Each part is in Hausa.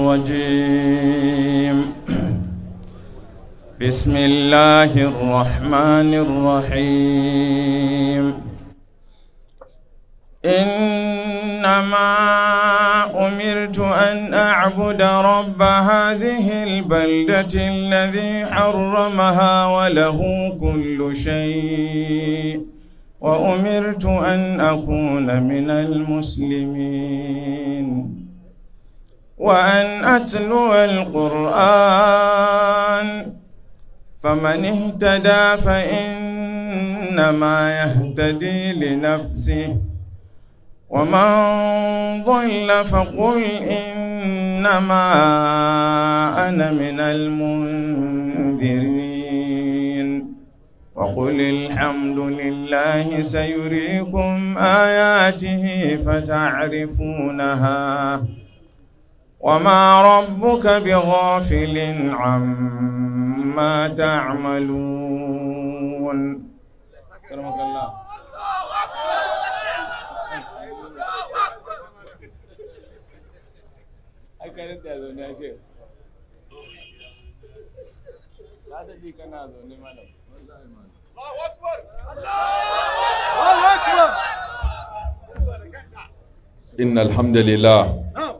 الرجيم بسم الله الرحمن الرحيم إنما أمرت أن أعبد رب هذه البلدة الذي حرمها وله كل شيء وأمرت أن أكون من المسلمين وأن أتلو القرآن فمن اهتدى فإنما يهتدي لنفسه ومن ضل فقل إنما أنا من المنذرين وقل الحمد لله سيريكم آياته فتعرفونها وما ربك بغافل عما تعملون الله اكبر الله اكبر ان الحمد لله نعم.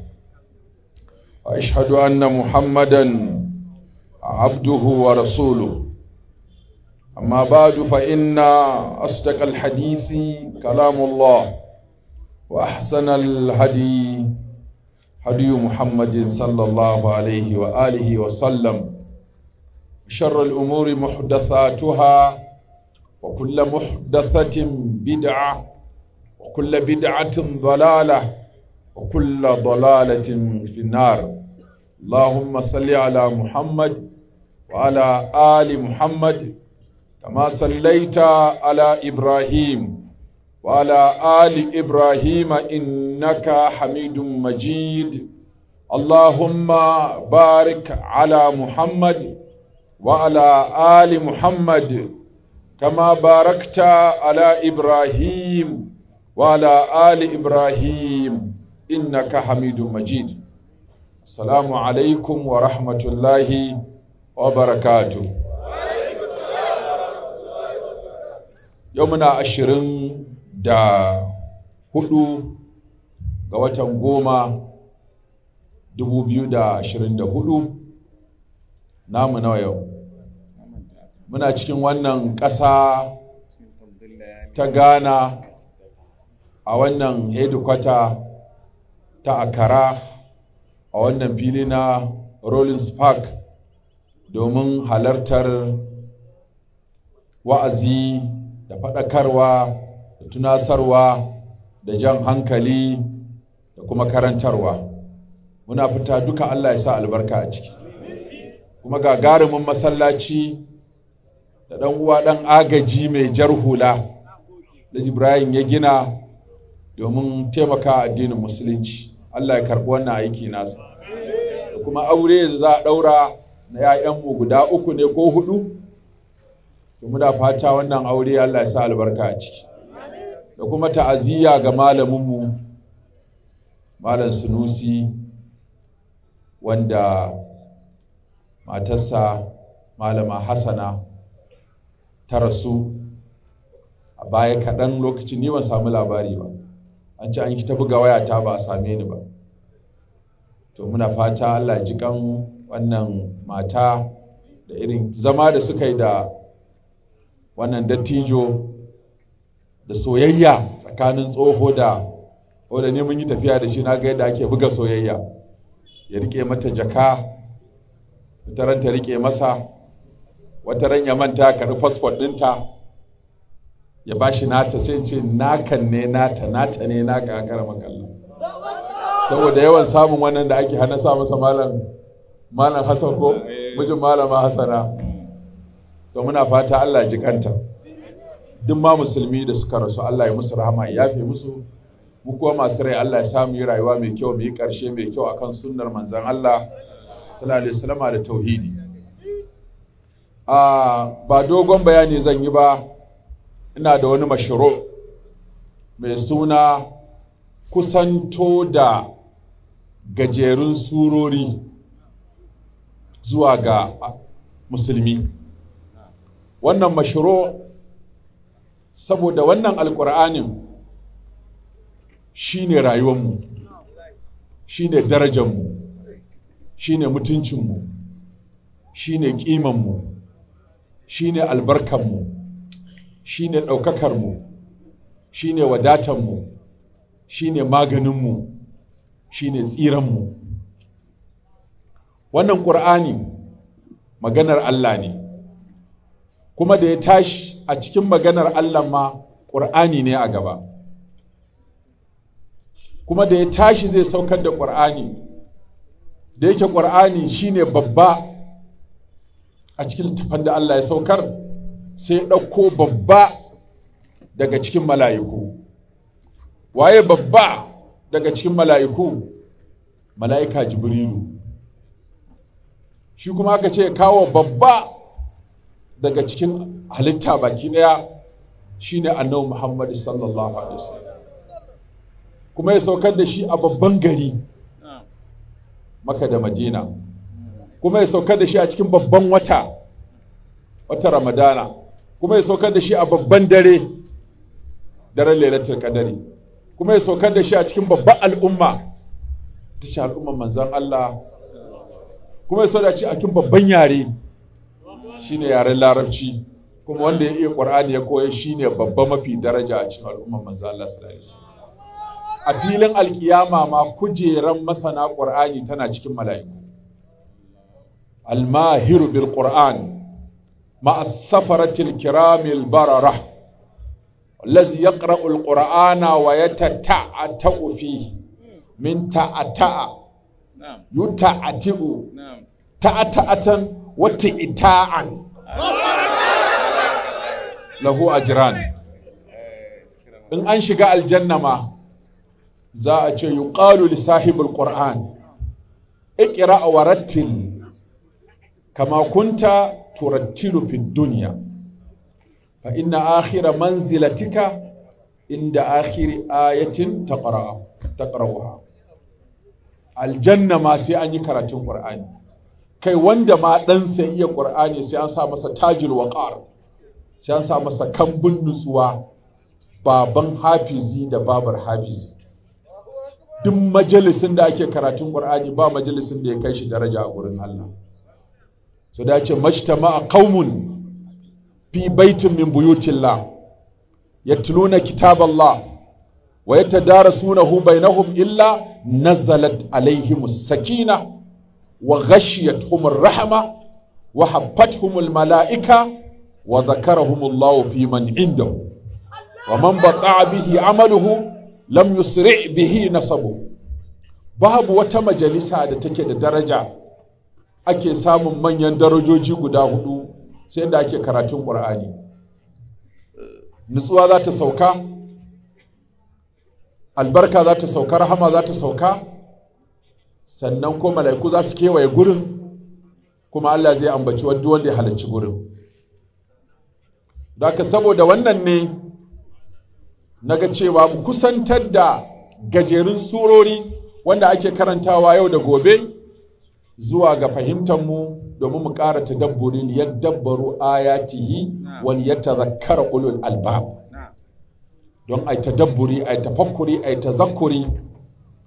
واشهد ان محمدا عبده ورسوله اما بعد فان اصدق الحديث كلام الله واحسن الهدي هدي محمد صلى الله عليه واله وسلم شر الامور محدثاتها وكل محدثه بدعه وكل بدعه ضلاله وكل ضلالة في النار اللهم صل على محمد وعلى آل محمد كما صليت على إبراهيم وعلى آل إبراهيم إنك حميد مجيد اللهم بارك على محمد وعلى آل محمد كما باركت على إبراهيم وعلى آل إبراهيم innaka Hamidu majid Salamu alaikum wa rahmatullahi wa barakatu yau muna ashirin da hudu ga watan goma dubu biyu da ashirin da hudu namu nawa yau muna cikin wannan ƙasa ta ghana a wannan hedikwata ta akara a wannan fili na rollins park domin halartar wa'azi da faɗakarwa da tunasarwa da jan hankali da kuma karantarwa muna fita duka allah ya sa albarka a ciki kuma gagarumin masallaci da ɗan uwa ɗan agaji mai jar hula da ibrahim ya gina domin taimaka addinin musulunci Allah ya karɓi wannan aiki nasa kuma aure da za a ɗaura na 'ya'yanmu guda uku ne ko huɗu. to muna fata wannan aure Allah ya sa albarka a ciki da kuma ta'aziyya ga malaminmu malam sunusi wanda matarsa malama hasana ta rasu a baya kaɗan lokacin ni ban samu labari ba an ci an ta buga wayata ba a same ni ba to muna fata allah ji kan wannan mata da irin zama da suka yi da wannan dattijo da soyayya tsakanin tsoho da wadda ne mun yi tafiya da shi na ga yadda ake buga soyayya ya rike mata jaka wata ta rike masa wata ran ya manta ka rufe fasfot ɗinta ya ba shi nata sai ce nakan ne nata nata ne naka a karama kallon saboda yawan samun wannan da ake hana sa masa malam malam hasan ko mijin malama hasana to muna fata Allah ji kanta duk ma musulmi da suka rasu Allah ya musu rahama ya yafe musu mu kuma masu rai Allah ya samu yi rayuwa mai kyau mai karshe mai kyau akan sunnar manzon Allah sallallahu alaihi wasallam da tauhidi ah, ba dogon bayani zan yi ba ina da wani mashiro mai suna kusanto da gajerun surori zuwa ga musulmi wannan mashiro saboda wannan alkur'anin shine rayuwanmu shine darajanmu shine mutuncinmu shine kimanmu shine albarkanmu shi ne ɗaukakarmu shi ne wadatanmu shi ne maganinmu shi ne tsiranmu wannan ƙur'ani maganar Allah ne kuma da ya tashi a cikin maganar Allah ma ƙur'ani ne a gaba kuma da ya tashi zai saukar da ƙur'ani da yake ƙur'ani ne babba a cikin littafin da Allah ya saukar sai ɗauko babba daga cikin mala'iku waye babba daga cikin mala'iku mala'ika jibrilu shi kuma aka ce kawo babba daga cikin halitta baki ɗaya shine annabi muhammadu sallallahu alaihi wasallam kuma ya saukar da shi a babban gari maka da madina kuma ya saukar da shi a cikin babban wata wata ramadana kuma ya saukar da shi a babban dare daren lailatul kadari kuma ya saukar da shi a cikin babban al'umma ta ce al'umman manzan Allah kuma ya saukar da shi a cikin babban yare shi ne yaren larabci kuma wanda ya iya qur'ani ya koya ne babba mafi daraja a cikin al'umman manzan Allah sallallahu alaihi wasallam a filin alkiyama ma kujeran masana qur'ani tana cikin mala'iku al-mahiru bil qur'an مع السفرة الكرام البررة الذي يقرأ القرآن ويتتعتع فيه من تعتع يتعتع تعتعة وتعتاعا له أجران in an shiga aljanna ma za a ce yuqalu li sahibul qur'an iqra wa rattil kama kunta turattilu fi duniya fa inna akhira manzilatika inda akhiri ayatin taqra'uha aljanna ma sai an yi karatun qur'ani kai wanda ma dan sai iya qur'ani sai an sa masa tajil waqar sai an sa masa kambun nutsuwa baban hafizi da babar hafizi duk majalisin da ake karatun qur'ani ba majalisin da ya kai shi daraja a gurin Allah so da ce majtama'a kaumun fi baitin min buyutillah yatluna kitaballah wa yatadarasunahu bainahum illa nazalat alaihim sakina wa ghashiyatuhum rahma wa habbatuhum malaika wa dhakarahum Allah fi man indahu wa man bata'a bihi amaluhu lam yusri' bihi nasabu babu wata majalisa da take da daraja ake samun manyan darajoji guda hudu sai da ake karatun ƙur'ani nutsuwa za ta sauka albarka za ta sauka rahama za ta sauka sannan ko mala'iku za su kewaye gurin kuma allah zai ambaci wanda wanda ya halarci gurin daga saboda wannan ne na ga cewa mu kusantar da gajerun surori wanda ake karantawa yau da gobe zuwa ga fahimtar mu domin mu ƙara tadabburin yadabbaru ayatihi wal yatadhakkara ulul albab don ai dabburi, ai tafakkuri ai tazakkuri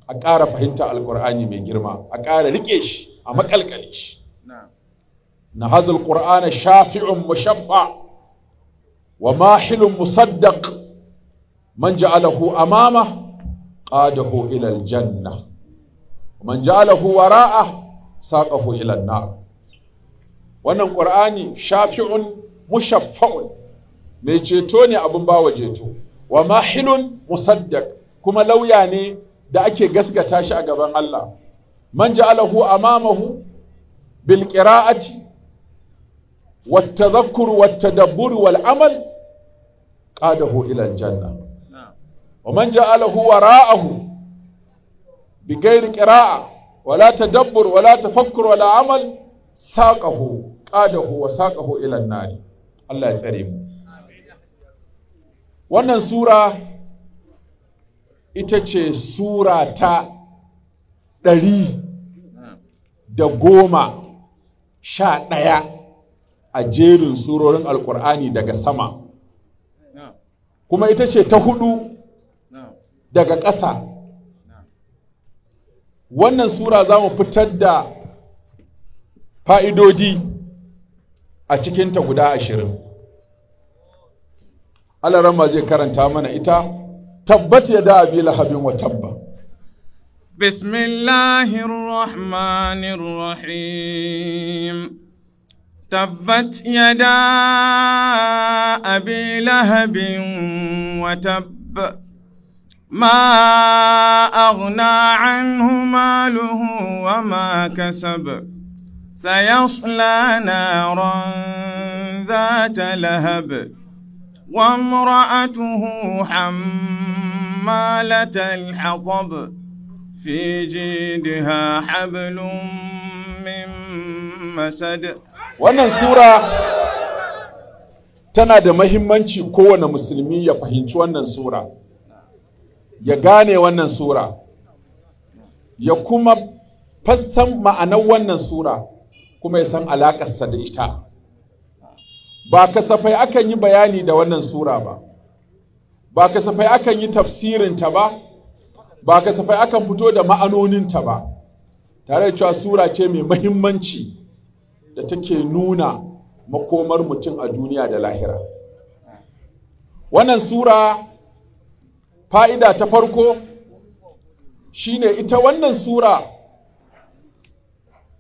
a ƙara fahimta Alƙur'ani mai girma a ƙara riƙe shi a makalkale shi na hazal qur'ana shafi'un mushaffa wa mahilun musaddaq man ja'alahu amama qadahu ila aljanna man ja'alahu wara'a. saqahu ila nar wannan qur'ani shafi'un mushaffa'un mai ceto ne abin bawa jeto wa mahilun musaddaq kuma lauya ne da ake gaskata shi a gaban Allah man ja'alahu amamahu bil qira'ati wat tadhakkur wat tadabbur wal amal qadahu ila al janna wa man ja'alahu wara'ahu bi ghairi qira'a wala dabbur wala tafakkur wala amal saqahu qadahu wa saqahu ila an Allah ya tsare mu wannan sura ita ce sura ta ɗari da goma sha ɗaya a jerin surorin Alƙur'ani daga sama kuma ita ce ta hudu daga ƙasa wannan sura za mu fitar da fa'idodi a cikinta guda ashirin alarama zai karanta mana ita tabbat ya da abi lahabin wa tabba tabbat ya da abi lahabin wa tabba ما أغنى عنه ماله وما كسب سيصلى نارا ذات لهب وامرأته حمالة الحطب في جيدها حبل من مسد wannan sura tana da mahimmanci kowane musulmi ya fahimci wannan sura ya gane wannan sura ya kuma fassan ma'anar wannan sura kuma ya san alaƙarsa da ita ba kasafai akan yi bayani da wannan sura ba ba kasafai akan yi tafsirinta ba ba kasafai akan fito da ma'anoninta ba tare da cewa sura ce mai mahimmanci da take nuna makomar mutum a duniya da lahira wannan sura fa'ida ta farko shi ne ita wannan sura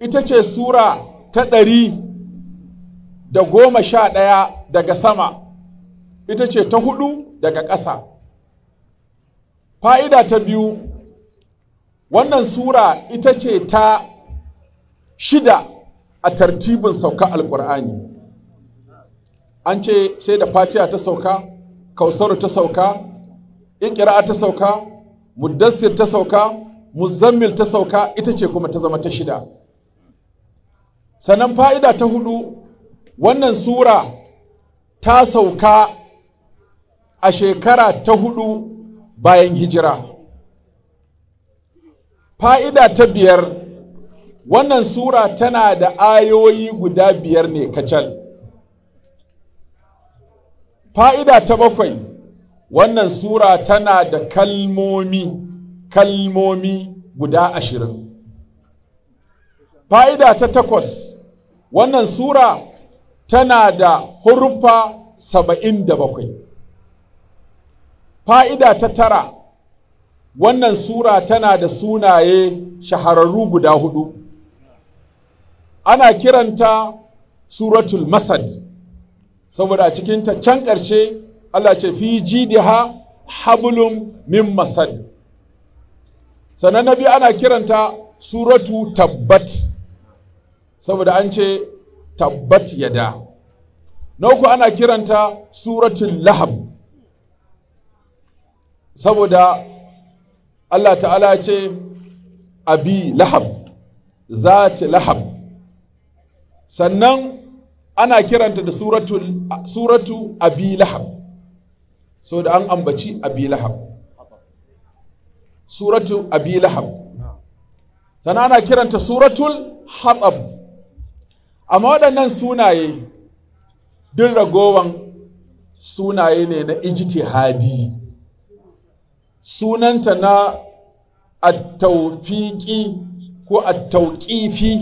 ita ce sura ta ɗari da goma sha ɗaya daga sama ita ce ta hudu daga ƙasa fa'ida ta biyu wannan sura ita ce ta shida a tartibin sauka alƙur'ani an ce sai da fatiya ta sauka kausaru ta sauka in ƙira'a ta sauka muddassir ta sauka muzammil ta sauka ita ce kuma ta zama ta shida sannan fa'ida ta hudu wannan sura ta sauka a shekara ta hudu bayan hijira fa'ida ta biyar wannan sura tana da ayoyi guda biyar ne kacal fa'ida ta bakwai wannan sura tana da kalmomi kalmomi guda ashirin fa'ida ta takwas wannan sura tana da huruffa saba'in da bakwai fa'ida ta tara wannan sura tana da sunaye shahararru guda hudu ana kiranta suratul masad saboda cikinta can ƙarshe Allah ce fi ha hablum min masad sannan na biyu ana kiranta suratu tabbat saboda an ce tabbat yada na uku ana kiranta suratun lahab saboda Allah ta'ala ce abi lahab zati lahab sannan ana kiranta da suratu abi lahab so da an ambaci abi lahab suratu abi lahab sana ana kiranta suratul haɓab amma waɗannan sunaye duk ragowan sunaye ne na ijtihadi sunanta na attaufiki ko attauƙifi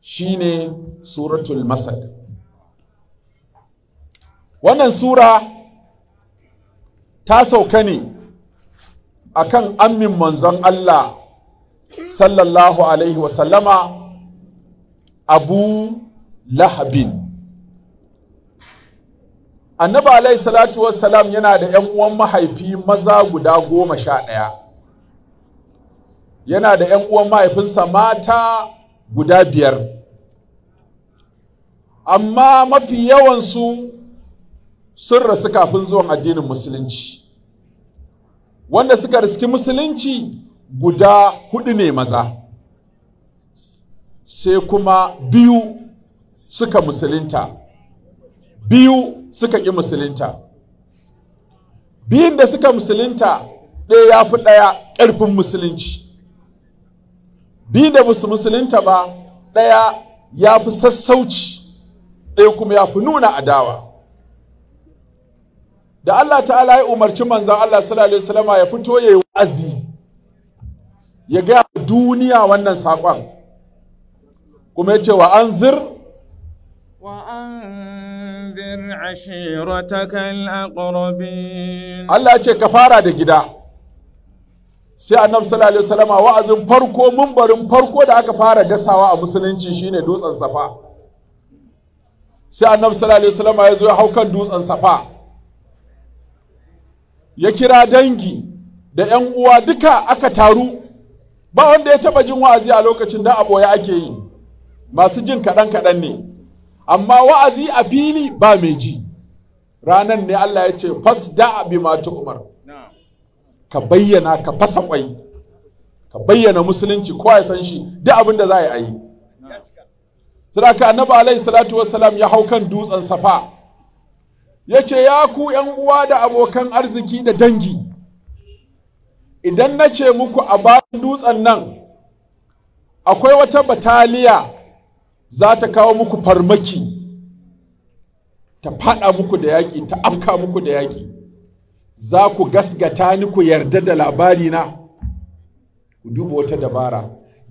shine suratul masad wannan sura ta sauka ne a kan ammin manzon Allah sallallahu alaihi wasallama abu lahabin annaba alai salatu Wasalam yana da 'yan uwan mahaifi maza guda goma sha ɗaya yana da 'yan uwan mahaifinsa mata guda biyar amma mafi yawansu sun rasu kafin zuwan addinin musulunci wanda suka riski musulunci guda hudu ne maza sai kuma biyu suka musulunta biyu suka ƙi musulunta biyun da suka musulunta ɗaya ya fi ɗaya ƙarfin musulunci biyun da musu musulunta ba ɗaya ya fi sassauci ɗaya kuma ya fi nuna adawa da Allah ta'ala ya umarci manzan Allah sallallahu alaihi wasallama ya fito ya yi wa'azi ya ga duniya wannan saƙon kuma ya ce wa anzir wa anzir ashiratakal aqrabin Allah ya ce ka fara da gida sai annabi sallallahu alaihi wasallama wa'azin farko mumbarin farko da aka fara dasawa a musulunci shine dutsen safa sai annabi sallallahu alaihi salama ya zo ya hau kan dutsen safa ya kira dangi da 'yan uwa duka aka taru ba wanda ya taba jin wa'azi a lokacin da aboya ake yi masu jin kaɗan-kaɗan ne amma wa'azi a fili ba mai ji ranan ne Allah ya ce fas da bi mata umar ka bayyana ka fasa kwai ka bayyana musulunci ko ya san shi duk abin da za a yi sadaka annabi alaihi salatu wassalam ya hau kan dutsen safa ya ce ya ku uwa da abokan arziki da dangi idan na ce muku a bayan dutsen nan akwai wata bataliya za ta kawo muku farmaki ta fada muku da yaƙi ta afka muku da yaƙi za ku gasgata ni ku yarda da labari na ku duba wata dabara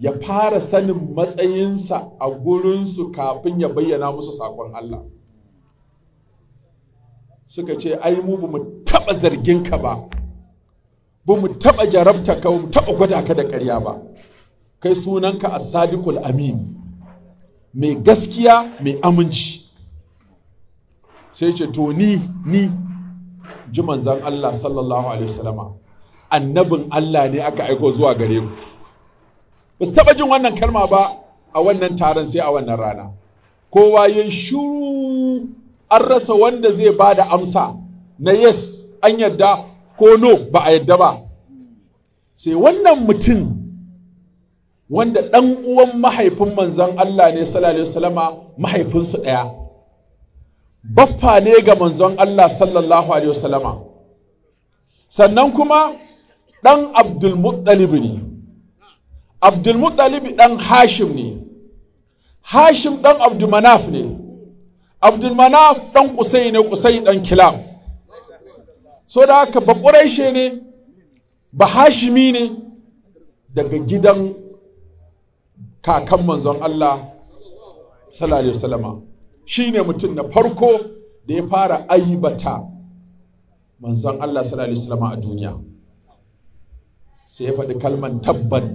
ya fara sanin matsayinsa a gurinsu kafin ya bayyana musu saƙon Allah suka ce ai mu bamu mu taɓa zargin ka ba ba mu taɓa jarabta ka bamu mu taɓa gwada ka da ƙarya ba kai sunanka as-sadiqul amin mai gaskiya mai aminci sai ce to ni ni ji manzan Allah sallallahu alaihi wasallama annabin Allah ne aka aiko zuwa gare ku ba su taɓa jin wannan kalma ba a wannan taron sai a wannan rana kowa ya shuru an rasa wanda zai ba da amsa na yes an yadda ko no ba a yadda ba sai wannan mutum wanda ɗan uwan mahaifin manzan Allah ne sallallahu salama mahaifinsu ɗaya baffa ne ga manzon Allah sallallahu alaihi wasallama sannan kuma ɗan abdulmuttalib ne abdulmuttalib ɗan hashim ne hashim ɗan abdulmanaf ne abdulmanaf ɗan kusai ne kusai ɗan kilab so da haka ba ƙuraishe ne ba hashimi ne daga gidan kakan manzon Allah sallallahu alaihi wasallama shine mutum na farko da ya fara aibata manzon Allah sallallahu alaihi a duniya sai ya faɗi kalman tabban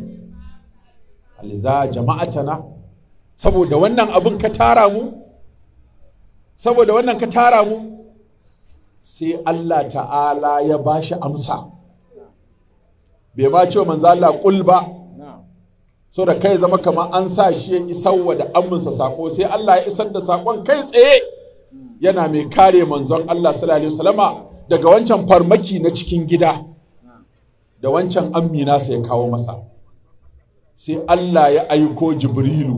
alza jama'atana saboda wannan abin ka tara mu saboda wannan ka tara mu sai Allah ta'ala ya ba shi amsa bai ba cewa manzo Allah kul ba so da kai zama kamar an sa shi ya isarwa da aminsa sako sai Allah ya isar da sakon kai tsaye yana mai kare manzon Allah sallallahu alaihi wasallama daga wancan farmaki na cikin gida da wancan amina sai ya kawo masa sai Allah ya aiko Jibrilu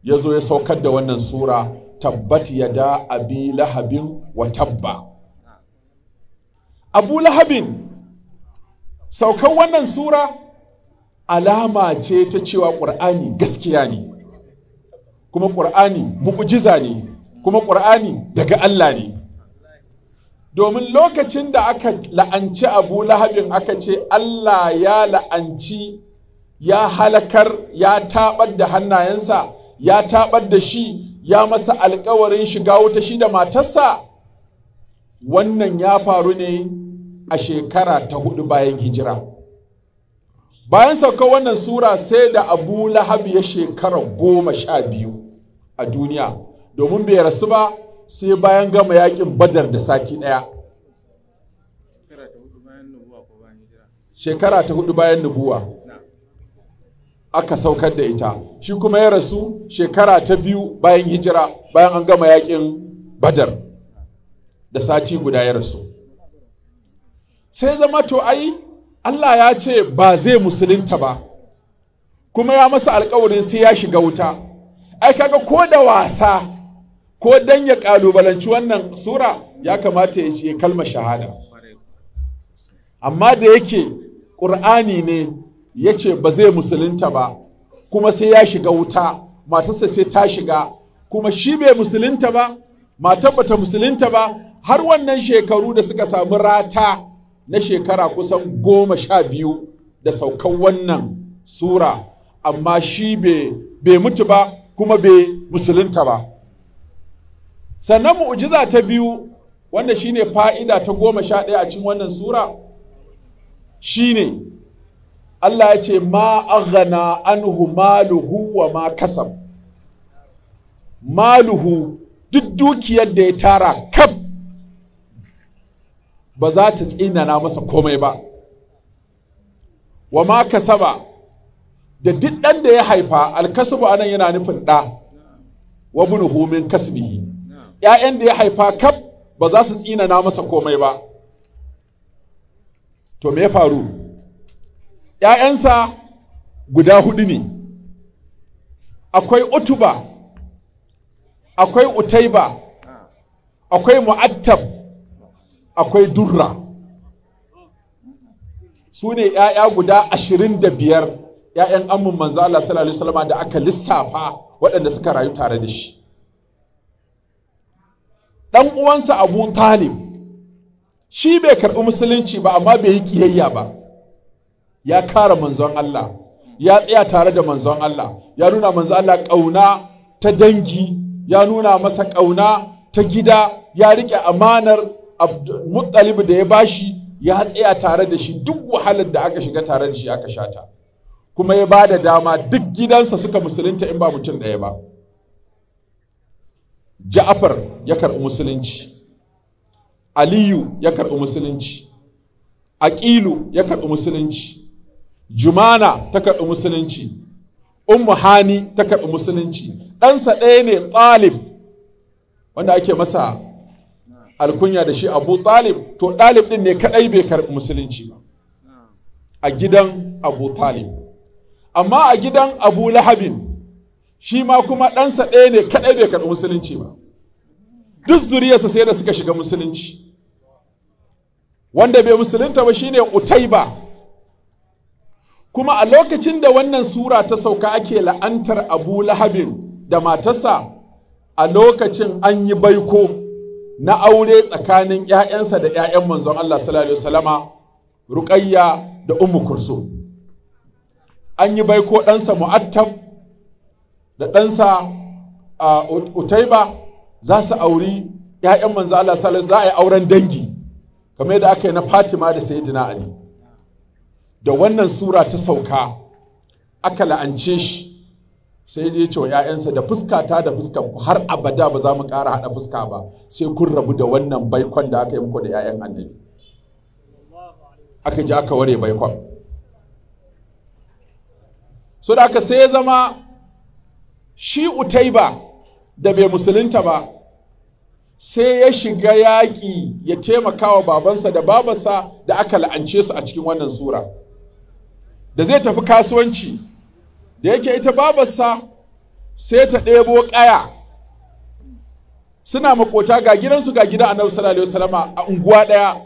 ya zo ya saukar da wannan sura tabbat yada abi lahabin wa tabba abu lahabin saukan wannan sura alama ce ta cewa ƙur'ani gaskiya ne kuma ƙur'ani mu'ujiza ne kuma ƙur'ani daga Allah ne domin lokacin da aka la'anci abu lahabin aka ce Allah ya la'anci ya halakar ya taɓar da hannayensa ya taɓar da shi ya masa alkawarin shiga wuta shi da matarsa wannan ya faru ne a shekara ta hudu bayan hijira bayan sauka wannan sura sai da abu Lahabi ya shekara goma sha biyu a duniya domin bai rasu ba sai bayan gama yakin badar da sati ɗaya shekara ta hudu bayan nubuwa aka saukar da ita shi kuma ya rasu shekara ta biyu bayan hijira bayan an gama yakin badar da sati guda ya rasu sai zama to ai Allah ya ce ba zai musulunta ba kuma ya masa alkawarin sai ya shiga wuta ai kaga ko da wasa ko dan ya kalubalanci wannan sura ya kamata ya kalmar shahada amma da yake ƙur'ani ne ya ce ba zai musulunta ba kuma sai ya shiga wuta matarsa sai ta shiga kuma shi bai musulunta ba matar bata musulunta ba har wannan shekaru da suka samu rata na shekara kusan goma sha biyu da saukan wannan sura amma shi bai mutu ba kuma bai musulunta ba sannan mu'ujiza ta biyu wanda shine fa'ida ta goma sha ɗaya a cikin wannan sura shine Allah ya ce ma aghana anhu maluhu wa ma kasab maluhu duk dukiyar da ya tara kaf ba za ta tsinana masa komai ba wa ma kasaba da duk ɗan da ya haifa alkasabu anan yana nufin ɗa wa bunuhu min kasbihi ‘ya'yan da ya haifa kaf ba za su tsinana masa komai ba to me ya faru ‘ya'yansa guda hudu ne akwai utuba akwai utaiba akwai mu'attab akwai durra su ne ‘ya'ya guda ashirin da biyar ‘ya'yan amin manzo Allah sallallahu alaihi wasallam da aka lissafa waɗanda suka rayu tare da shi ɗan uwansa abu talib shi bai karɓi musulunci ba amma bai yi ƙiyayya ba ya kara manzon Allah ya tsaya tare da manzon Allah ya nuna manzon Allah ƙauna ta dangi ya nuna masa ƙauna ta gida ya riƙe amanar muttalib da ya bashi ya tsaya tare da shi duk wahalar da aka shiga tare da shi aka shata kuma ya ba da dama duk gidansa suka musulunta in ba mutum ɗaya ba jafar ya karɓi musulunci aliyu ya karɓi musulunci aqilu ya karɓi musulunci jumana ta karɓi musulunci ummu hani ta karɓi musulunci ɗansa ɗaya ne ɗalib wanda ake masa alkunya da shi abu ɗalib to ɗalib ɗin ne kaɗai bai karɓi musulunci ba a gidan abu ɗalib amma a gidan abu lahabin shi ma kuma ɗansa ɗaya ne kaɗai bai karɓi musulunci ba duk zuriyarsa sai da suka shiga musulunci wanda bai musulunta ba shine utaiba kuma a lokacin da wannan sura ta sauka ake la'antar abu lahabin da Matasa, a lokacin an yi baiko na aure tsakanin 'ya'yansa da 'ya'yan manzon Allah salama ruƙayya da ummu kurso an yi baiko ɗansa mu'attab da ɗansa utaiba za su auri 'ya'yan manzon Allah sallallahu za a yi auren dangi kamar yadda aka yi na fatima da sayidina ali da wannan sura ta sauka aka la'ance shi sai ya ce wa 'ya'yansa da fuska ta da fuska har abada ba za mu ƙara haɗa fuska ba sai kun rabu da wannan baikon da aka yi muku da 'ya'yan annabi aka ji aka ware baikon so da aka sai ya zama shi utaiba da bai musulunta ba sai ya shiga yaƙi ya taimaka wa babansa da babarsa da aka la'ance su a cikin wannan sura. da zai tafi kasuwanci da yake ita babarsa sai ta ɗebo ƙaya suna makota ga gidansu ga gida annabi sallallahu alaihi wasallama a unguwa ɗaya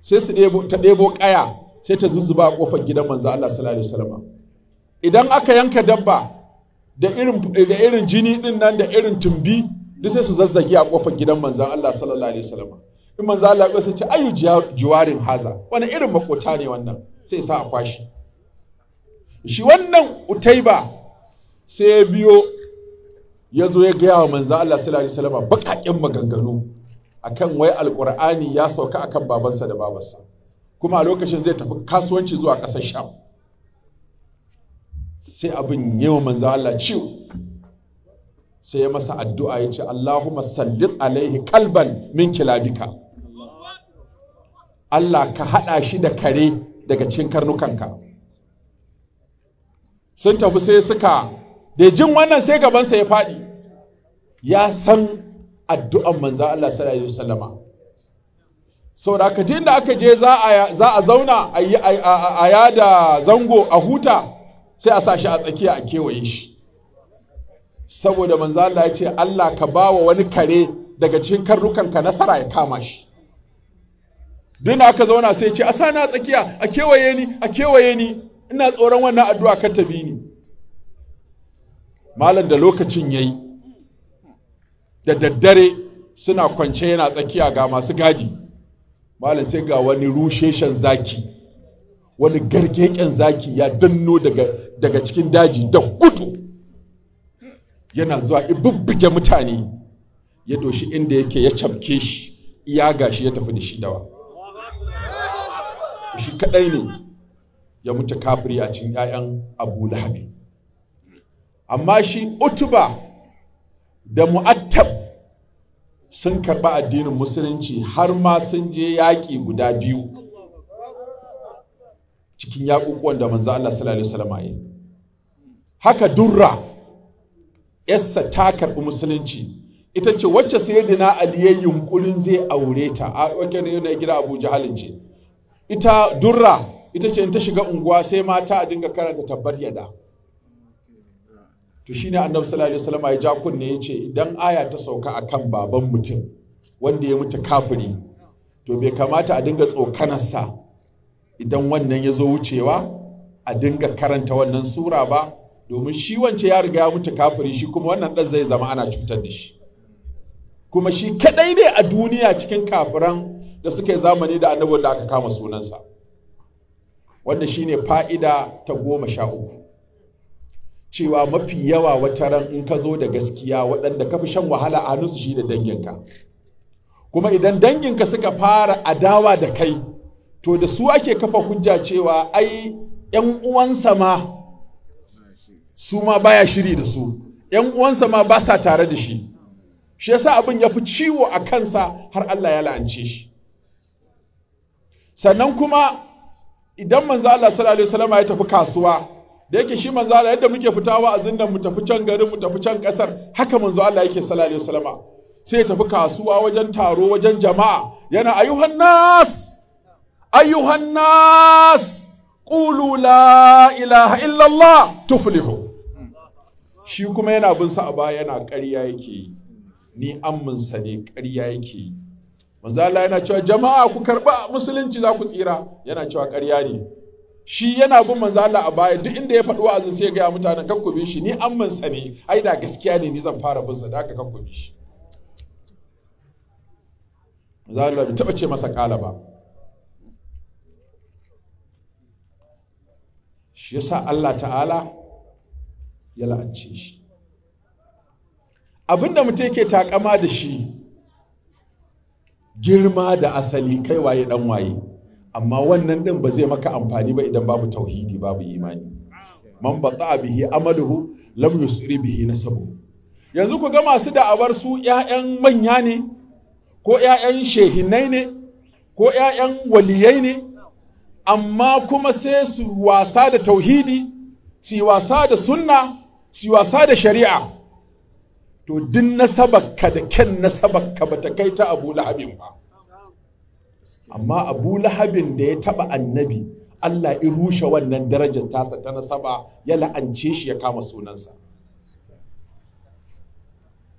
sai su ta ɗebo ƙaya sai ta zuzzuba a ƙofar gidan manzo Allah sallallahu alaihi wasallama idan aka yanka dabba da irin da irin jini din nan da irin tumbi duk sai su zazzage a ƙofar gidan manzan Allah sallallahu alaihi wasallama in manzo Allah ya ce ayu jiwarin haza wani irin makota ne wannan sai sa a kwashi shi wannan utaiba sai ya biyo ya zo ya gaya wa manzo Allah sallallahu alaihi wasallam bakakken maganganu akan wai alqur'ani ya sauka akan babansa da babarsa kuma a lokacin zai tafi kasuwanci zuwa ƙasar sham sai abin yawa manza Allah ciwo sai ya masa addu'a ya ce Allahumma sallit alaihi kalban min kilabika Allah ka haɗa shi da kare daga cikin karnukanka sun tafi sai suka da jin wannan sai gabansa ya faɗi ya san addu'an manzan Allah sallallahu alaihi saboda haka da aka je za a zauna a da zango a huta sai a sa shi a tsakiya a kewaye shi saboda manzo Allah ya ce Allah ka bawa wani kare daga cikin karnukanka nasara ya kama shi duk da aka zauna sai ce a sa na tsakiya a kewaye ni a kewaye ni ina tsoron wannan addu'a kan bi ni malam da lokacin yayi da daddare suna kwance yana tsakiya ga masu gadi malam sai ga wani rusheshen zaki wani gargeken zaki ya danno daga, daga cikin daji da gudu yana zuwa ibubbuge mutane ya doshi inda yake ya camke shi iya gashi ya tafi da shi dawa shi kadai ne ya mutu kafiri a cikin 'ya'yan abu lahabi amma shi utuba da mu'attab sun karɓi addinin musulunci har ma sun je yaƙi guda biyu cikin yaƙuƙuwan da manzo Allah sallallahu alaihi wasallam haka durra yassa ta karɓi musulunci ita ce wacce sayyidina ali ya yunkurin zai aure ta a wakilin yana gida abu jahalin ce ita durra ita ce in ta shiga unguwa sai mata a dinga karanta tabbar yada to shine annabi sallallahu alaihi wasallam ya ja kunne ya ce idan aya ta sauka akan baban mutum wanda ya mutu kafiri to bai kamata a dinga tsokanarsa idan wannan ya zo wucewa a dinga karanta wannan sura ba domin shi wance ya riga ya mutu kafiri shi kuma wannan dan zai zama ana cutar da shi kuma shi kadai ne a duniya cikin kafiran da suka yi zamani da annabin da aka kama sunansa wanda shi ne fa'ida ta goma sha uku cewa mafi yawa wata ran in ka zo da gaskiya waɗanda ka fi shan wahala a hannunsu shi da danginka kuma idan danginka suka fara adawa da kai to da su ake kafa hujja cewa ai ‘yan uwansa ma su ma baya shiri da su ‘yan uwansa ma ba sa tare da shi shi yasa abin ya fi ciwo a kansa har Allah ya la'ance shi sannan kuma idan manzo Allah sallallahu alaihi wasallam ya tafi kasuwa da yake shi manzo Allah yadda muke fitawa a zindan mu tafi can garin mu tafi can kasar haka manzo Allah yake sallallahu alaihi wasallama sai ya tafi kasuwa wajen taro wajen jama'a yana ayyuhan nas ayyuhan nas qulu la ilaha illallah tuflihu shi kuma yana bin sa a baya yana ƙarya yake yi ni amminsa ne ƙarya yake yi manzo yana cewa jama'a ku karba musulunci za ku tsira yana cewa ƙarya ne shi yana bin manzo Allah a baya duk inda ya faɗi wa'azin sai ya ga mutanen kan ku shi ni an man tsane ai da gaskiya ne ni zan fara bin sa da haka kan ku bi shi manzo bai taba ce masa kala ba shi yasa Allah ta'ala ya la'ance shi abinda mutum yake takama da shi girma da asali kai waye dan waye amma wannan din ba zai maka amfani ba idan babu tauhidi babu imani man bata bihi amaluhu lam yusri bihi nasabu yanzu ku ga masu da'awar su ƴaƴan manya ne ko ƴaƴan shehinai ne ko ƴaƴan waliyai ne amma kuma sai su wasa da tauhidi su wasa da sunna su wasa da shari'a to din nasabarka da ken nasabarka ba ta kai ta abu lahabin ba amma abu lahabin da ya taba annabi Allah in rushe wannan darajar tasa ta nasaba ya la'ance shi ya kama sunansa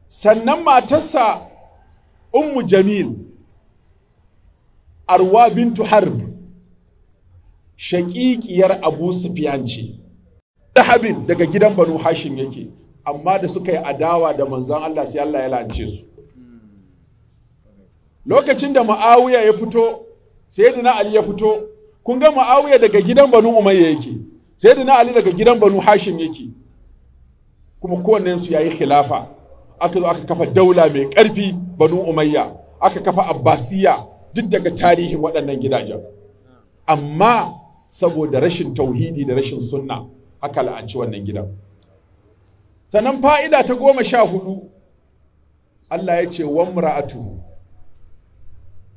sannan matarsa ummu jamil arwa bintu harb shaƙiƙiyar abu sufiyan ce lahabin daga gidan banu hashim yake amma da suka yi adawa da manzan Allah sai Allah ya lance su lokacin da ma'awiya ya fito sayyidina ali ya fito kun ga ma'awiya daga gidan banu umayya yake sayyidina ali daga gidan banu hashim yake kuma kowane su yayi khilafa aka zo aka kafa daula mai karfi banu umayya aka kafa abbasiya duk daga tarihin waɗannan gidajen amma saboda rashin tauhidi da rashin sunna aka la'anci wannan gidan sannan fa'ida ta goma sha hudu Allah ya ce wamra'atu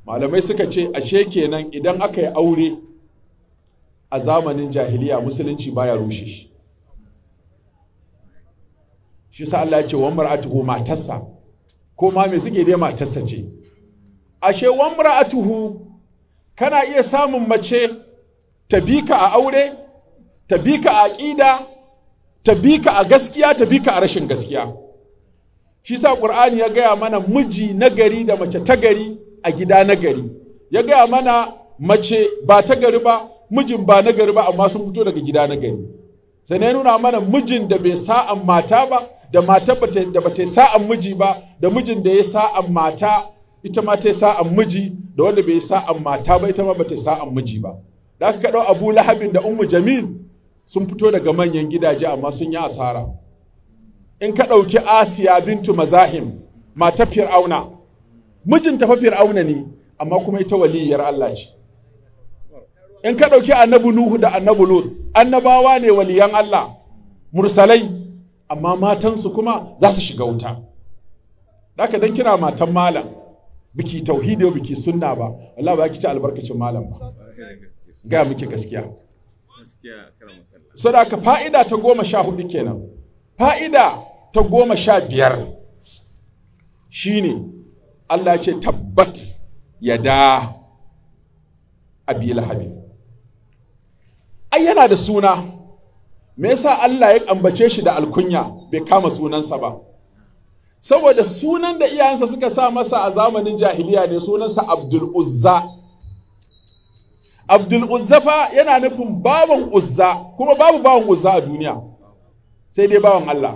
malamai suka ce ashe kenan idan aka yi aure a zamanin jahiliya musulunci baya rushe shi shi sa Allah ya ce matarsa ko ma mai suke dai matarsa ce ashe wamra'atuhu kana iya samun mace ta bi ka a aure ta bi ka a ƙida. ta bi ka a gaskiya ta bi ka a rashin gaskiya shi sa ƙur'ani ya gaya mana miji nagari da mace tagari a gida nagari ya gaya mana mace ba tagari ba mijin ba nagari ba amma sun fito daga gida na gari sai ya nuna mana mijin da bai sa'an mata ba da mata da bata sa'an miji ba da mijin da ya sa'an mata ita ma ta sa'an miji da wanda bai sa'an mata ba ita ma bata sa'an miji ba da aka kaɗau abu lahabin da ummu jamil sun fito daga manyan gidaje amma sun yi asara in ka ɗauki asiya bintu mazahim mata fir'auna mijinta fa fir'auna ne amma kuma ita waliyar Allah ce in ka ɗauki annabu nuhu da annabu lut annabawa ne waliyan Allah mursalai amma matansu kuma za su shiga wuta daka dan kira matan malam biki tauhidi ba biki sunna ba Allah ba ki ci albarkacin malam ba ga miki gaskiya gaskiya sadaka fa'ida ta goma sha hudu kenan fa'ida ta goma sha biyar shine Allah ce tabbat ya da abi lahabi ai yana da suna me yasa Allah ya ambace shi da alkunya bai kama sunansa ba saboda sunan da iyayensa suka sa masa a zamanin jahiliya ne sunansa Abdul Uzza abdul uzza fa yana nufin bawan uzza kuma babu bawan uzza a duniya sai dai bawan allah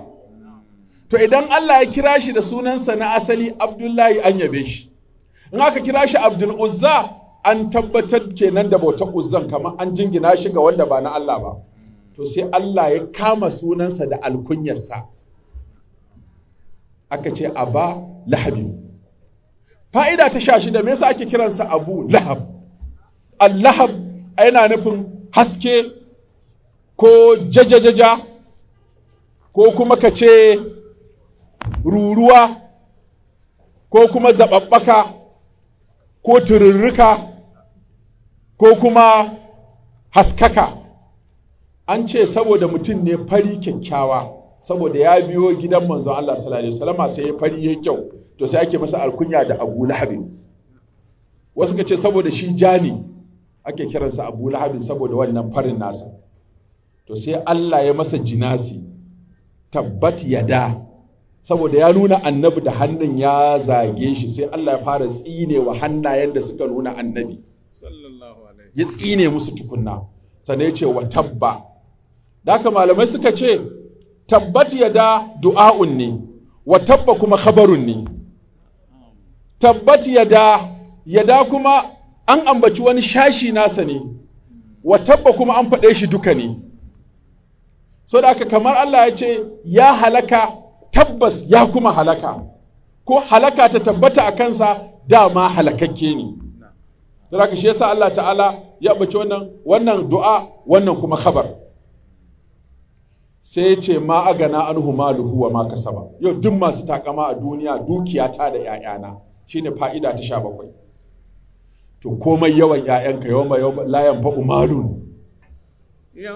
to idan allah ya kira shi da sunansa na asali abdullahi an yabe shi in aka kira shi abdul uzza an tabbatar kenan da bautar uzzan kamar an jingina shi ga wanda ba na allah ba to sai allah ya kama sunansa da alkunyarsa aka ce aba lahabi fa'ida ta sha da me yasa ake kiransa abu lahab allahab yana nufin haske ko jajajaja ko kuma ka ce ruruwa ko kuma zaɓaɓɓaka ko tururruka ko kuma haskaka an ce saboda mutum ne fari kyakkyawa saboda ya biyo gidan manzo Allah sallallahu alaihi wasallam sai ya fari ya kyau to sai ake masa alkunya da Abu Lahabin wasu ka ce saboda shi jani ake kiransa abu lahabin saboda wannan farin nasa to sai allah ya masa jinasi tabbat yada saboda ya nuna annabi da hannun ya zage shi sai allah ya fara tsine wa hannayen da suka nuna annabi ya tsine musu tukunna sannan ya ce wa tabba da haka malamai suka ce tabbat yada du'a'un ne wa tabba kuma khabarun ne tabbat yada yada kuma an ambaci wani shashi nasa ne wa tabba kuma an faɗe shi duka ne so da aka kamar Allah ya ce ya halaka tabbas ya kuma halaka ko halaka ta tabbata a kansa dama halakakke ne da shi yasa Allah ta'ala ya ambaci wannan wannan du'a wannan kuma khabar sai ya ce ma agana an maluhu wa ma kasaba yau duk masu takama a duniya dukiya ta da 'ya'yana shine fa'ida ta sha bakwai to komai yawan ƴaƴanka yawan yawan la umalun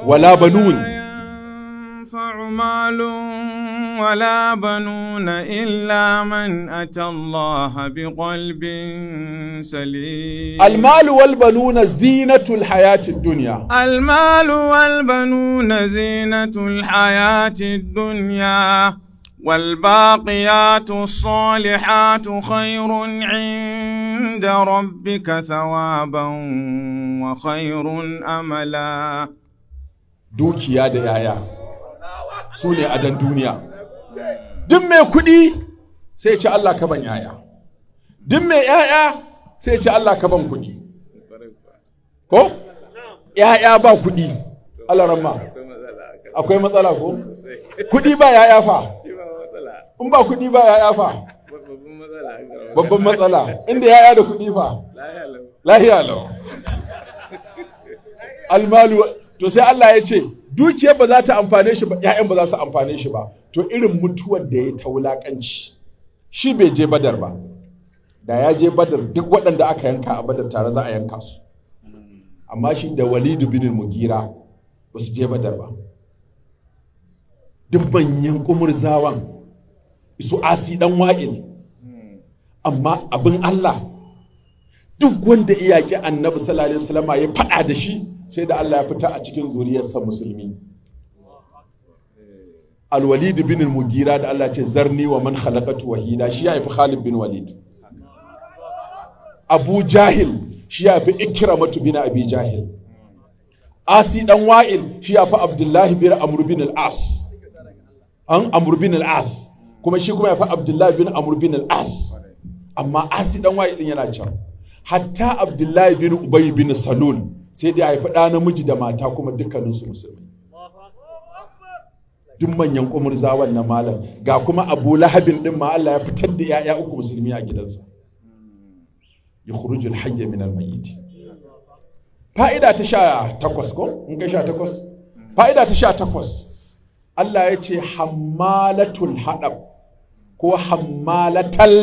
wala banun yanfa'u malun wala banuna illa man ata Allah bi qalbin salim al wal banuna zinatul hayati dunya al malu wal banuna zinatul hayatid dunya والباقيات الصالحات خير عند ربك ثوابا وخير املا dukiya da yaya su ne adan duniya duk mai kuɗi sai ce Allah ka ban yaya duk mai yaya sai ce Allah ka ban kuɗi ko yaya ba kuɗi akwai matsala ko kuɗi ba yaya fa in ba kuɗi ba ya fa babban matsala inda yaya da kuɗi fa lahiya lau almalu to sai Allah ya ce dukiyar ba za ta amfane shi ba ƴaƴan ba za su amfane shi ba to irin mutuwar da ya ta wulaƙanci shi bai je badar ba da ya je badar duk waɗanda aka yanka a badar tare za a yanka su amma shi da walidu bin mugira ba su je badar ba duk banyan zawan su asi dan wa'il amma abin Allah duk wanda iyaki annabi sallallahu alaihi ya faɗa da shi sai da Allah ya fita a cikin zuriyarsa musulmi alwalid bin mugira da Allah ce zarni wa man khalaqatu wahida shi ya fi Khalid bin Walid Abu Jahil shi ya fi Ikramatu bin Abi Jahil Asi dan Wa'il shi ya fi Abdullahi bin Amr bin al-As an Amr bin al-As kuma shi kuma ya fi abdullahi bin amur bin al amma asi dan waye din yana can hatta abdullahi bin ubayi bin Salun sai dai haifi ɗa namiji da mata kuma dukkaninsu musulmi duk manyan zawan na malam ga kuma abu lahabin din ma Allah ya fitar da ya'ya uku musulmi a gidansa ya khurujul hayya min al fa'ida ta sha takwas ko in kai sha takwas fa'ida ta sha takwas Allah ya ce hammalatul haɗab ko hammalatal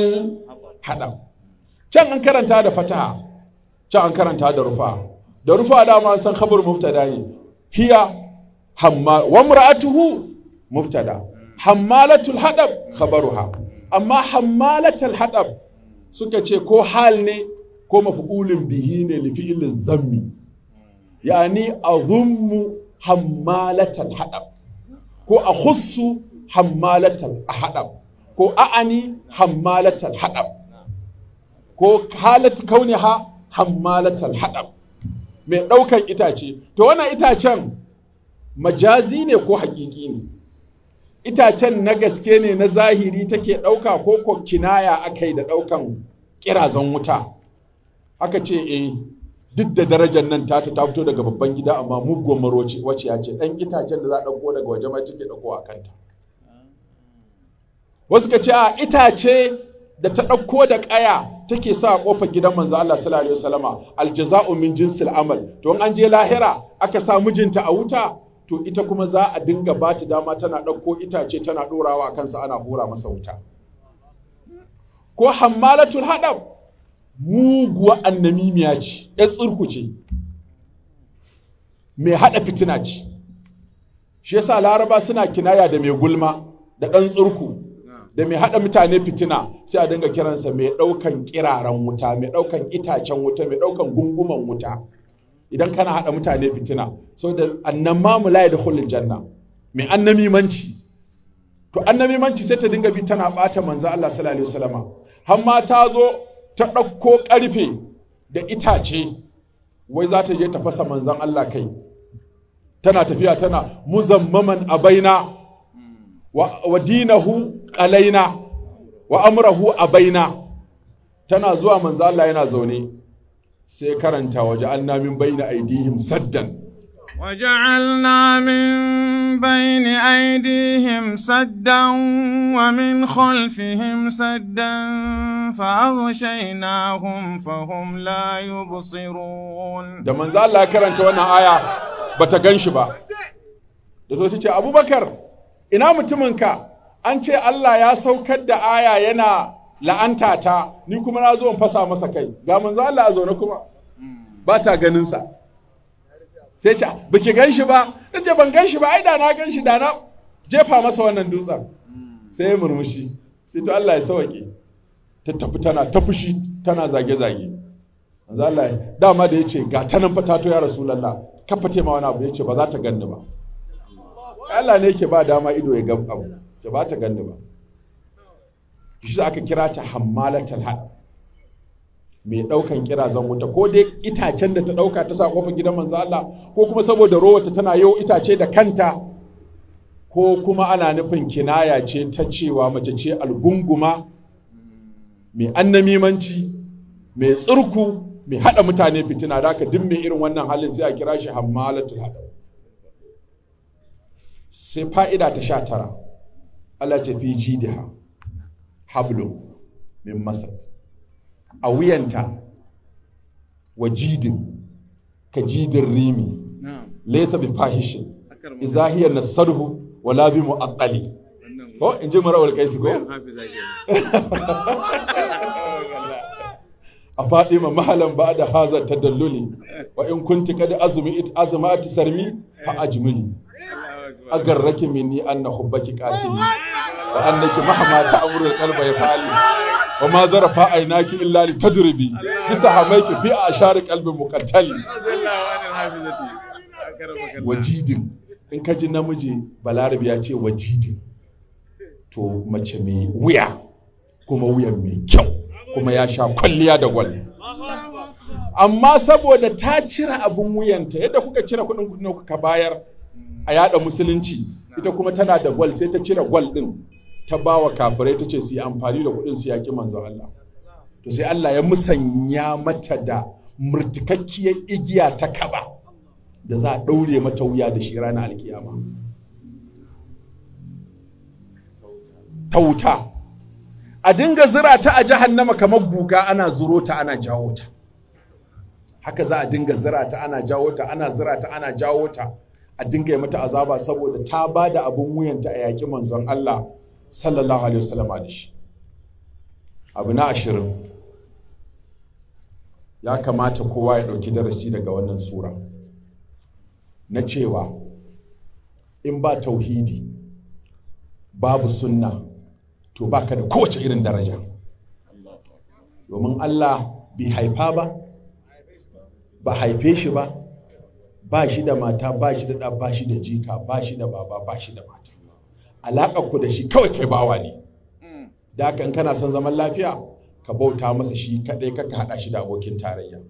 haɗab can an karanta da fataha can an karanta da rufa da rufa dama an san khabar mubtada ne hiya hamma wa mar'atuhu mubtada hammalatul haɗab khabaruha amma hammalatal haɗab suka ce ko hal ne ko mafi'ulin bihi ne li zammi yani azummu hammalatal haɗab ko a hussu a haɗab ko a'ani hammalatal haɗab ko halat kauniha hammalatal haɗab mai ɗaukan itace to wannan itacen majazi ne ko haƙiƙi ne itacen na gaske ne na zahiri take ɗauka ko ko kinaya akai da ɗaukan ƙirazan wuta Haka ce eh duk da darajar nan ta ta fito daga babban gida amma muguwar maroci wacce ya ce ɗan itacen da za a ɗauko daga waje ma cike ɗauko a kanta wasu ka ce a itace da ta ɗauko da ƙaya take sa a ƙofar gidan manzo Allah sallallahu alaihi wasallama aljaza'u min jinsil amal to an je lahira aka sa mijinta a wuta to ita kuma za a dinga ba ta dama tana ɗauko itace tana ɗorawa a kansa ana hura masa wuta ko hammalatul hadab muguwa annamimiya ce ‘yar tsirku ce mai haɗa fitina ce shi yasa laraba suna kinaya da mai gulma da ɗan tsirku da mai haɗa mutane fitina sai a dinga kiransa mai ɗaukan ƙiraren wuta mai ɗaukan itacen wuta mai ɗaukan gunguman wuta idan kana haɗa mutane fitina so da annan mamu da hulun janna mai annamimanci to annami manci sai ta dinga bi tana ɓata manzo Allah sallallahu alaihi wasallama har ma ta zo ta ɗauko ƙarfe da itace wai za ta je ta fasa manzan Allah kai tana tafiya tana muzammaman a baina wa dinahu ƙalaina wa amrahu a baina tana zuwa manzan Allah yana zaune sai karanta waje an namin baina aidihim saddan وجعلنا من بين أيديهم سدا ومن خلفهم سدا فأغشيناهم فهم لا يبصرون da manzo Allah ya karanta wannan aya bata ganshi ba da zo ce Abubakar ina mutuminka an ce Allah ya saukar da aya yana la'anta ta ni kuma na zo in fasa masa kai ga manzo Allah a zaune kuma ba ta ganin sai ce ba ki gan shi ba na ce ban gan shi ba ai da na gan shi da na jefa masa wannan dutsen sai ya murmushi sai to Allah ya sauke ta tafi tana ta fushi tana zage zage manzo Allah dama da yace ga ta nan fatato to ya rasulullah ka fate ma wani abu yace ba za ta ganni ba Allah ne yake ba dama ido ya ga abu ta ba ta ganni ba shi aka kira ta hammalatul hadd mai ɗaukan kira zan wuta ko dai itacen da ta ɗauka ta sa ƙofar gidan manzo Allah ko kuma saboda rowata tana yau itace da kanta ko kuma ana nufin kinaya ce ta cewa mace ce algunguma mai annamimanci mai tsurku mai haɗa mutane fitina da ka duk irin wannan halin sai a kira shi hammalatul hada sai fa'ida ta sha tara Allah ta fi jidiha hablo min masad a wuyanta wa jidin ka jidin rimi laisa bi fahishin izahiyar na sarhu wala bi mu'aqqali ko in ji marawal kai su ko a faɗi ma mahalan ba da haza ta dalluli wa in kunti kada azumi it azuma ta sarmi fa ajmuli agarraki minni anna hubbaki qatili wa annaki mahama ta amrul qalba ya fa'ali wa ma zarafa aynaki illa lali tajribi bisa hamai hamaiki fi ashari qalbi muqattali wajidin in ka ji namiji balarabi ya ce wajidin to mace mai wuya kuma wuyan mai kyau kuma ya sha kwalliya da gwal amma saboda ta cire abin wuyanta yadda kuka cire kuɗin kuɗin kuka bayar a yada musulunci ita kuma tana da gwal sai ta cire gwal ɗin ta bawa kafirai ta ce su yi amfani da kuɗin su yaƙi manzo Allah to sai Allah ya musanya mata da murtikakkiyar igiya ta kaba da za a ɗaure mata wuya da shi ranar alkiyama tauta a dinga zira ta a jahannama kamar guga ana zuro ta ana jawo ta haka za a dinga zira ta ana jawo ta ana zira ta ana jawo ta a dinga yi mata azaba saboda ta ba da abin wuyanta a yaƙi manzon Allah sallallahu alaihi wasallam a dashi abu na ashirin ya kamata kowa ya ɗauki darasi daga wannan sura na cewa in ba tauhidi babu sunna to baka da kowace irin daraja domin allah bai haifa ba ba haife shi ba ba shi da mata ba shi da ɗa ba shi da jika ba shi da baba ba shi da mata alaƙar ku da shi kawai kai bawa ne mm. da kan kana son zaman lafiya ka bauta masa shi kaɗai ka haɗa shi da abokin tarayya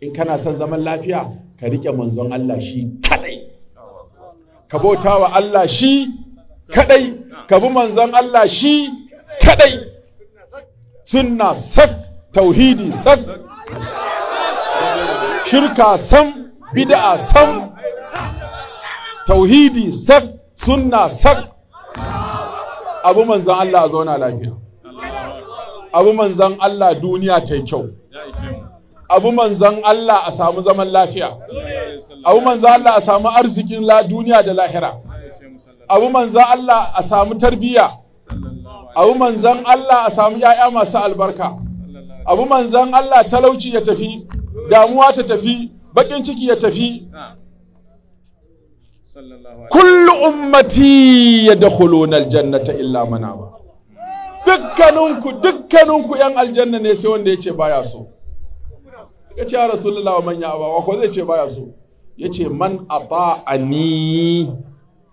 in kana son zaman lafiya ka riƙe manzon Allah shi kaɗai ka bauta wa Allah shi kaɗai ka bi manzon Allah shi kaɗai sunna sak tauhidi sak shirka sam bid'a sam tauhidi sak sunna sak abu manzan Allah a zauna lafiya abu manzan Allah duniya ta yi kyau abu manzan Allah a samu zaman lafiya abu manzan Allah a samu arzikin duniya da lahira abu manzan Allah a samu tarbiyya abu manzan Allah a samu ‘ya'ya masu albarka abu manzan Allah talauci ya tafi damuwa ta tafi baƙin ciki ya tafi kullu ummati yadkhuluna aljannata illa man aba dukkaninku dukkaninku yan aljanna ne sai wanda yace baya so Ya ce ya rasulullah wa manya abawa ko zai ce baya so yace man ata'ani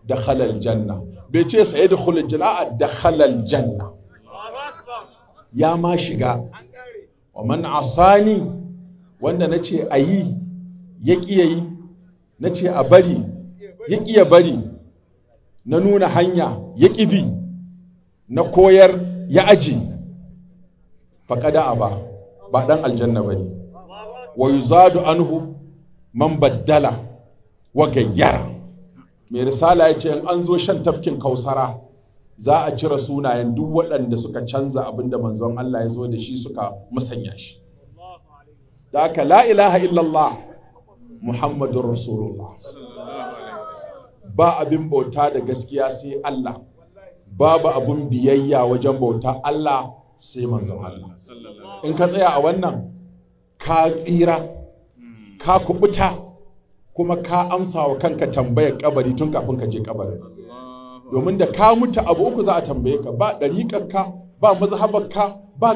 dakhala aljanna bai ce sai dakhul aljanna a dakhala aljanna ya ma shiga wa man asani wanda nace ayi ya kiyayi nace a bari ya bari na nuna hanya ya ƙibi na koyar ya aji faƙada a ba ba ɗan aljanna ba ne wa yuzadu anhu man baddala wa gayyara mai risala ya ce in an zo shan tafkin kausara za a cire sunayen duk waɗanda suka canza abin da manzon Allah ya zo da shi suka musanya shi da aka la ilaha illallah muhammadun rasulullah ba abin bauta da gaskiya sai Allah babu abin biyayya wajen bauta Allah sai manzon Allah in ka tsaya a wannan ka tsira ka kubuta kuma ka amsa wa kanka tambayar kabari tun kafin ka je kabari domin da ka mutu abu uku za a tambaye ka ba ɗariƙarka ba mazhabarka ba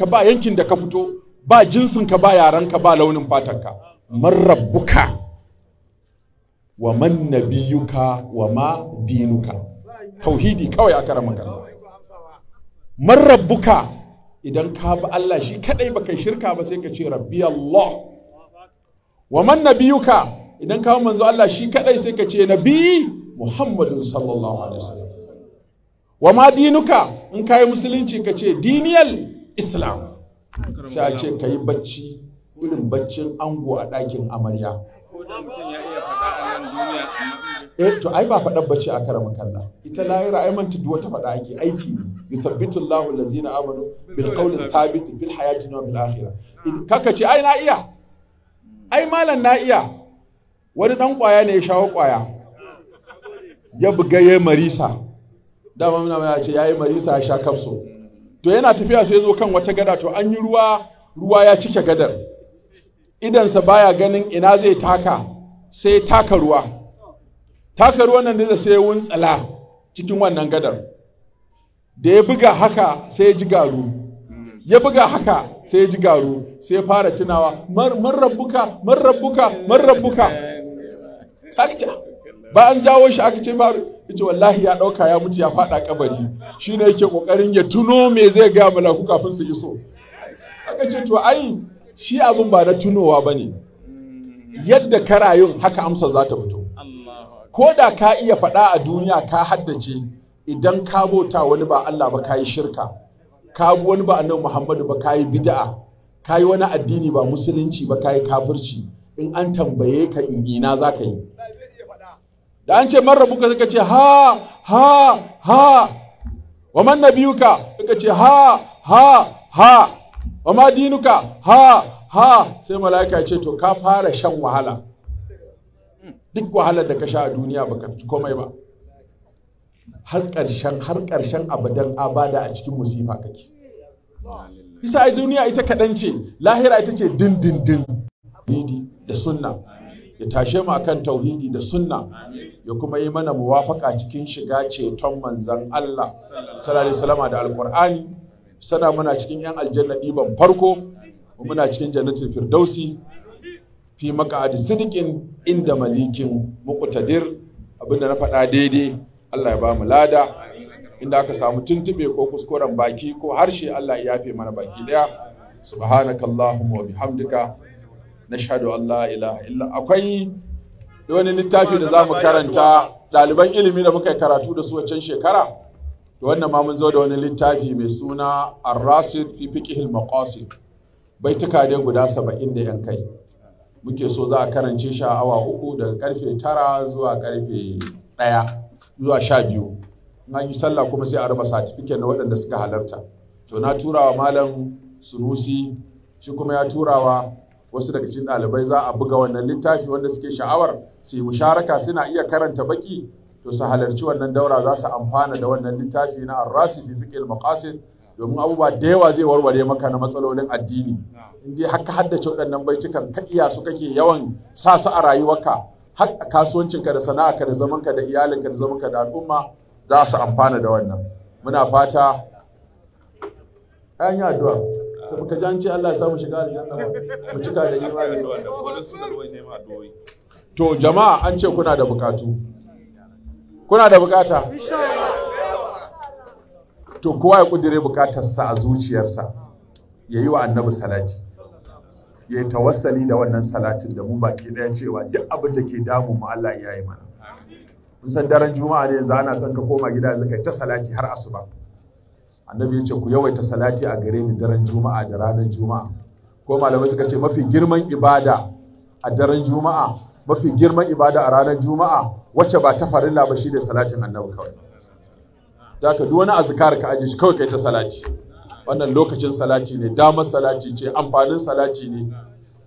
ka ba yankin da ka fito ba jinsin ka ba ka ba launin fatarka man rabbuka wa man nabiyuka wa ma dinuka tauhidi kawai a karan magana man rabbuka idan ka bi Allah shi kadai baka shirka ba sai ka ce rabbi Allah wa man nabiyuka idan ka manzo Allah shi kadai sai ka ce nabi Muhammadun sallallahu alaihi wasallam wa ma dinuka in ka yi musulunci ka ce diniyal islam sai a ce ka yi bacci irin baccin ango a ɗakin amarya eh to ai ba faɗan bace a karamin kalla ita lahira ai manta duk wata faɗa ake aiki ne yusabbitu Allahu allazina amanu bil qawli thabit bil hayati wa bil akhirah kaka ce ai na iya ai malam na iya wani dan kwaya ne ya shawo kwaya ya buga ya marisa dama muna ya ce yayi marisa ya sha kafso to yana tafiya sai zo kan wata gada to an yi ruwa ruwa ya cike gadar idansa baya ganin ina zai taka sai taka ruwa taka ruwan nan da sai tsala cikin wannan gadar da ya buga haka sai ya ji garu ya buga haka sai ya ji garu sai ya fara tunawa man rabbuka man rabbuka man rabbuka ba an jawo shi aka ce faru ce wallahi ya ɗauka ya mutu ya faɗa kabari shine ne yake ƙoƙarin ya tuno me zai gaya malaku kafin su iso aka ce to ai shi abin ba na tunowa ba ne yadda ka rayun haka amsa za ta fito ko da ka iya faɗa a duniya ka haddace idan ka bauta wani ba Allah ba ka yi shirka ka bi wani ba annabi Muhammadu ba ka yi bid'a ka yi wani addini ba musulunci ba ka yi kafirci in an tambaye ka ina za ka yi da an ce man rabuka suka ce ha ha ha wa man nabiyuka suka ce ha ha ha wa ma dinuka ha ha sai mala'ika ce to ka fara shan wahala duk wahalar da ka sha a duniya baka ci komai ba har ƙarshen har ƙarshen abadan abada a cikin musifa kake isa a duniya ita kaɗan ce lahira ita ce din din din tauhidi da sunna ya tashe mu akan tauhidi da sunna ya kuma yi mana muwafaka cikin shiga ceton manzon Allah sallallahu alaihi wasallama da alqur'ani sana muna cikin 'yan aljanna ɗiban farko muna cikin jannatin firdausi fi maka'adi sidikin inda malikin muqtadir abinda na faɗa daidai Allah ya ba mu lada inda aka samu tuntube ko kuskuren baki ko harshe Allah ya yafe mana baki ɗaya subhanakallahumma wa bihamdika nashhadu an la ilaha illa akwai wani littafi da zamu karanta ɗaliban ilimi da muka karatu da su wancan shekara to wannan ma mun zo da wani littafi mai suna arrasid fi fiqhil maqasid tuka dai guda 70 da yan kai muke so za a karance shi a awa uku daga karfe 9 zuwa karfe 1 zuwa 12 na yi sallah kuma sai a raba certificate na waɗanda suka halarta to na turawa malam sunusi shi kuma ya turawa wasu daga cikin ɗalibai za a buga wannan littafi wanda suke sha'awar su yi musharaka suna iya karanta baki to su halarci wannan daura za su amfana da wannan littafi na arrasi fi fiƙil maqasid domin abubuwa da yawa zai warware maka na matsalolin addini in dai haka haddace waɗannan baitukan ka iya su kake yawan sa su a rayuwarka har kasuwancinka da sana'arka da zamanka da iyalinka da zamanka da al'umma za su amfana da wannan muna fata an yi addu'a kuma muka ji an ce Allah ya samu shiga aljanna mu cika da imani to jama'a an ce kuna da bukatu kuna da bukata to kowa ya kudire bukatarsa a zuciyarsa ya yi wa annabi salati ya yi tawassali da wannan salatin da mu baki ɗaya cewa duk abin da ke damu mu Allah ya yi mana mun san daren juma'a ne yanzu ana son ka koma gida yanzu kai ta salati har asuba annabi ya ce ku yawaita salati a gare ni daren juma'a da ranar juma'a ko malamai suka ce mafi girman ibada a daren juma'a mafi girman ibada a ranar juma'a wacce ba ta farilla ba shi ne salatin annabi kawai da ka duk wani azkar ka aje shi kawai kai ta salati wannan lokacin salati ne damar salati ce amfanin salati ne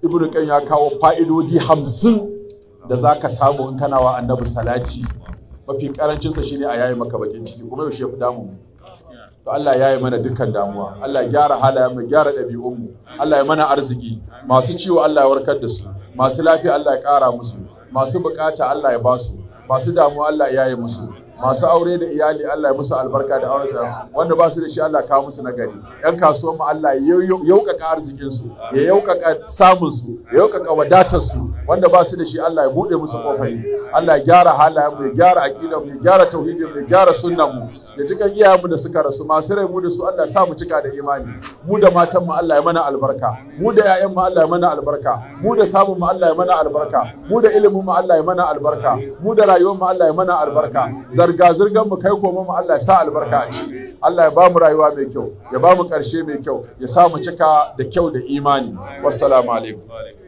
ibnu kan ya kawo fa'idodi hamsin da za ka samu in kana wa annabi salati mafi karancinsa shine a yayi maka bakin ciki kuma yaushe ya fi damu mu to Allah ya yi mana dukkan damuwa Allah ya gyara halayen mu gyara ɗabi'un mu Allah ya mana arziki masu ciwo Allah ya warkar da su masu lafiya Allah ya kara musu masu bukata Allah ya basu masu damuwa Allah ya yi musu masu aure da iyali Allah ya musu albarka da auren sa wanda ba su da shi Allah kawo musu nagari yan kasuwan mu Allah ya yaukaka arzikin su ya yaukaka samun su ya yaukaka wadatar su wanda ba su da shi Allah ya bude musu kofai Allah ya gyara halayen mu ya gyara aqidar mu ya gyara tauhidin mu ya gyara sunnan mu da cikin iyayenmu da suka rasu masu rai mu da su Allah sa mu cika da imani mu da matan mu Allah ya mana albarka mu da yayan mu Allah ya mana albarka mu da samun mu Allah ya mana albarka mu da ilimin mu Allah ya mana albarka mu da rayuwar mu Allah ya mana albarka zarga zirgan mu kai koma mu Allah ya sa albarka a ciki Allah ya ba mu rayuwa mai kyau ya ba mu ƙarshe mai kyau ya sa mu cika da kyau da imani wassalamu alaikum